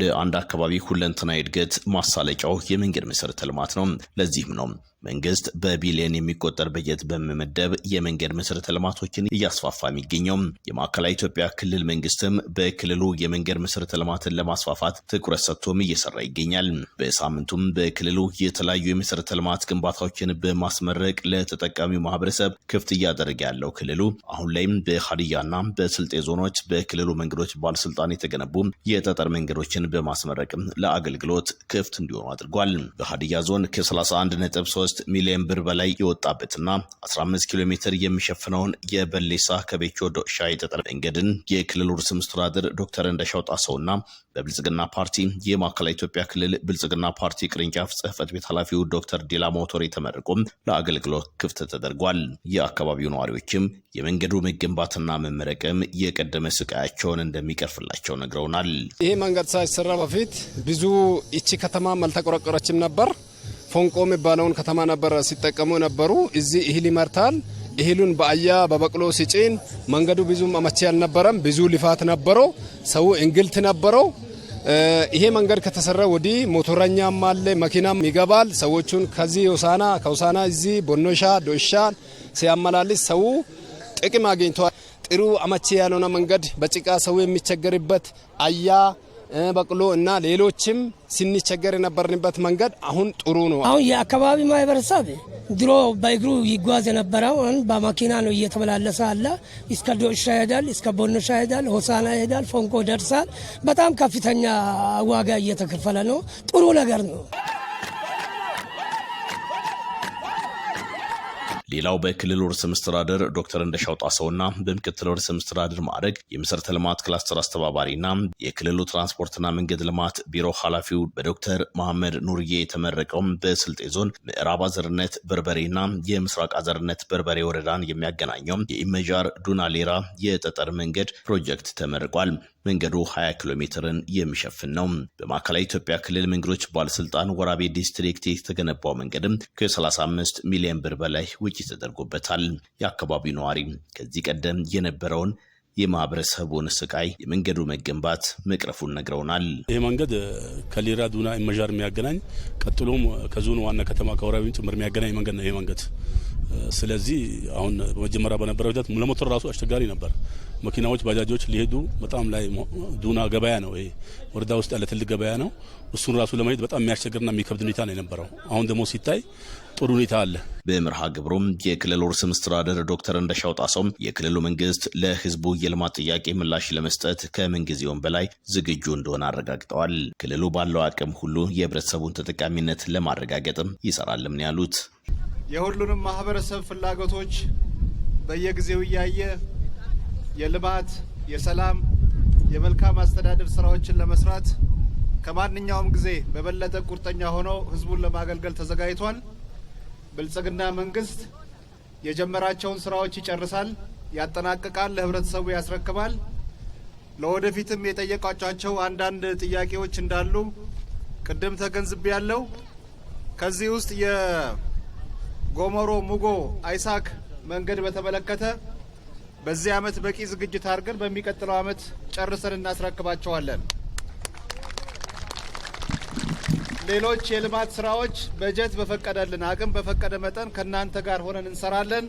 ለአንድ አካባቢ ሁለንትና እድገት ማሳለጫው የመንገድ መሰረተ ልማት ነው። ለዚህም ነው መንግስት በቢሊዮን የሚቆጠር በጀት በመመደብ የመንገድ መሰረተ ልማቶችን እያስፋፋ የሚገኘው የማዕከላዊ ኢትዮጵያ ክልል መንግስትም በክልሉ የመንገድ መሰረተ ልማትን ለማስፋፋት ትኩረት ሰጥቶም እየሰራ ይገኛል። በሳምንቱም በክልሉ የተለያዩ የመሰረተ ልማት ግንባታዎችን በማስመረቅ ለተጠቃሚው ማህበረሰብ ክፍት እያደረገ ያለው ክልሉ አሁን ላይም በሀዲያና በስልጤ ዞኖች በክልሉ መንገዶች ባለስልጣን የተገነቡ የጠጠር መንገዶችን በማስመረቅም ለአገልግሎት ክፍት እንዲሆኑ አድርጓል። በሀዲያ ዞን ከ31 ነጥብ ከ ሚሊዮን ብር በላይ የወጣበትና 15 ኪሎ ሜትር የሚሸፍነውን የበሌሳ ከቤቾ ዶሻ የጠጠር መንገድን የክልሉ ርዕሰ መስተዳድር ዶክተር እንዳሻው ጣሰውና በብልጽግና ፓርቲ የማዕከላዊ ኢትዮጵያ ክልል ብልጽግና ፓርቲ ቅርንጫፍ ጽህፈት ቤት ኃላፊው ዶክተር ዲላ ሞቶሪ ተመርቆም ለአገልግሎት ክፍት ተደርጓል። የአካባቢው ነዋሪዎችም የመንገዱ መገንባትና መመረቅም የቀደመ ስቃያቸውን እንደሚቀርፍላቸው ነግረውናል። ይህ መንገድ ሳይሰራ በፊት ብዙ ይቺ ከተማ አልተቆረቆረችም ነበር። ፎንቆ የሚባለውን ከተማ ነበር ሲጠቀሙ ነበሩ። እዚህ እህል ይመርታል። እህሉን በአያ በበቅሎ ሲጭን መንገዱ ብዙም አመቺ አልነበረም። ብዙ ልፋት ነበረው። ሰው እንግልት ነበረው። ይሄ መንገድ ከተሰራ ወዲህ ሞቶረኛም አለ መኪናም ይገባል። ሰዎቹን ከዚህ ሆሳና ከሆሳና እዚህ ቦኖሻ ዶሻ ሲያመላልስ ሰው ጥቅም አግኝቷል። ጥሩ አመቺ ያልሆነ መንገድ በጭቃ ሰው የሚቸገርበት አያ በቅሎ እና ሌሎችም ስንቸገር የነበርንበት መንገድ አሁን ጥሩ ነው። አሁን የአካባቢ ማህበረሰብ ድሮ በእግሩ ይጓዝ የነበረው በመኪና ነው እየተመላለሰ አለ። እስከ ዶሻ ይሄዳል፣ እስከ ቦኖሻ ይሄዳል፣ ሆሳና ይሄዳል፣ ፎንቆ ደርሳል። በጣም ከፍተኛ ዋጋ እየተከፈለ ነው። ጥሩ ነገር ነው። ሌላው በክልል ርዕሰ መስተዳደር ዶክተር እንደሻው ጣሰውና በምክትል ርዕሰ መስተዳደር ማዕረግ የመሰረተ ልማት ክላስተር አስተባባሪና የክልሉ ትራንስፖርትና መንገድ ልማት ቢሮ ኃላፊው በዶክተር መሐመድ ኑርዬ የተመረቀው በስልጤ ዞን ምዕራብ አዘርነት በርበሬና የምስራቅ አዘርነት በርበሬ ወረዳን የሚያገናኘው የኢመጃር ዱና ሌራ የጠጠር መንገድ ፕሮጀክት ተመርቋል። መንገዱ 20 ኪሎ ሜትርን የሚሸፍን ነው። በማዕከላዊ ኢትዮጵያ ክልል መንገዶች ባለስልጣን ወራቤ ዲስትሪክት የተገነባው መንገድም ከ35 ሚሊዮን ብር በላይ ውጪ ተደርጎበታል። የአካባቢው ነዋሪ ከዚህ ቀደም የነበረውን የማህበረሰቡን ስቃይ የመንገዱ መገንባት መቅረፉን ነግረውናል። ይህ መንገድ ከሌራ ዱና መዣር የሚያገናኝ ቀጥሎም ከዞኑ ዋና ከተማ ከወራቤም ጭምር የሚያገናኝ መንገድ ነው። ይህ መንገድ ስለዚህ አሁን በመጀመሪያ በነበረው ሂደት ለሞተር ራሱ አስቸጋሪ ነበር። መኪናዎች፣ ባጃጆች ሊሄዱ በጣም ላይ ዱና ገበያ ነው ይሄ ወረዳ ውስጥ ያለ ትልቅ ገበያ ነው። እሱን ራሱ ለመሄድ በጣም የሚያስቸግርና የሚከብድ ሁኔታ ነው የነበረው። አሁን ደግሞ ሲታይ ጥሩ ሁኔታ አለ። በምርሃ ግብሩም የክልል ርዕሰ መስተዳድር ዶክተር እንደሻው ጣሰው የክልሉ መንግስት ለህዝቡ የልማት ጥያቄ ምላሽ ለመስጠት ከምንጊዜውም በላይ ዝግጁ እንደሆነ አረጋግጠዋል። ክልሉ ባለው አቅም ሁሉ የህብረተሰቡን ተጠቃሚነት ለማረጋገጥም ይሰራልም ነው ያሉት። የሁሉንም ማህበረሰብ ፍላጎቶች በየጊዜው እያየ የልማት፣ የሰላም፣ የመልካም አስተዳደር ስራዎችን ለመስራት ከማንኛውም ጊዜ በበለጠ ቁርጠኛ ሆኖ ህዝቡን ለማገልገል ተዘጋጅቷል። ብልጽግና መንግስት የጀመራቸውን ስራዎች ይጨርሳል፣ ያጠናቅቃል፣ ለህብረተሰቡ ያስረክባል። ለወደፊትም የጠየቋቸው አንዳንድ ጥያቄዎች እንዳሉ ቅድም ተገንዝቤ ያለው ከዚህ ውስጥ ጎመሮ ሙጎ አይሳክ መንገድ በተመለከተ በዚህ አመት በቂ ዝግጅት አድርገን በሚቀጥለው አመት ጨርሰን እናስረክባቸዋለን። ሌሎች የልማት ስራዎች በጀት በፈቀደልን አቅም በፈቀደ መጠን ከእናንተ ጋር ሆነን እንሰራለን።